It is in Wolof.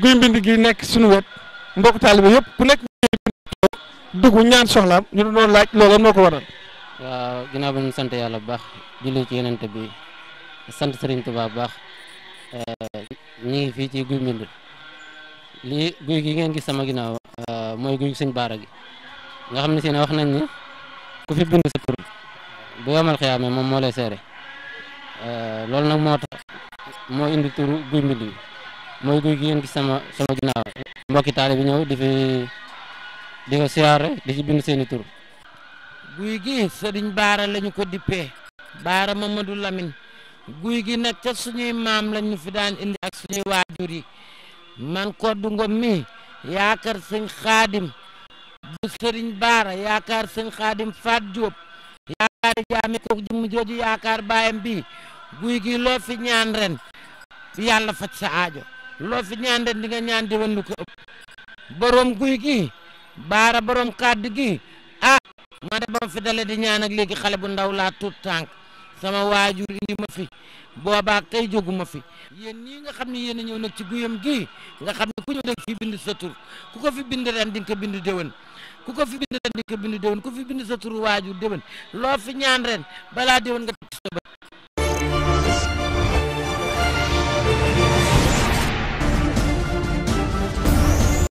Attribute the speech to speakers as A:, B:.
A: guy mbind gi nek suñu wet mbokk taalibe yëpp ku nekk dugg ñaan soxlaam ñu doon laaj loolu moo ko waral
B: waaw ginnaaw ba ñu sant yàlla bu baax julli ci yenente bi sant Sëriñ Tuubaa bu baax eh, ñu ngi fii ci guy mbind lii guy gi ngeen gis sama ginnaaw eh, mooy guy sëñ baara gi nga xam ne wax nañ ni ku fi bind sa tur bu yamal xiyaame moom moo lay seere eh, loolu nag mo tax mo indi turu guy mbind moy guy gi ci sama sama ginaaw mbokki talib ñew di fi di ko siyaare di ci bind seen tour
A: guuy gi serigne baara lañu ko dippé baara Mamadou Lamine guuy gi nak ca suñuy maam lañu fi daan indi ak suñuy wajur yi man du ngom mi yaakar sëñ khadim bu serigne baara yaakar sëñ khadim fat jóob yaakar jami ko jëmm joju yaakar bayam bi guuy gi lo fi ñaan ren yalla fat sa aajo loo fi ñaan ren di nga ñaan di wan lu guy gi baara borom kàddu gi ah ma da bam fi dale di ñaan ak léegi xale bu ndaw laa tuut tànk sama waajur indi ma fi boobaa tey ma fi yéen ñii nga xam ne yéen a ñëw nag ci guyam gi nga xam ne ku ñëw nag fi bind sa tur ku ko fi bind ren di nga ko bind déwén ku ko fi bind ren di bind déwén ku fi bind sa tur waajur déwén loo fi ñaan ren balaa déwén nga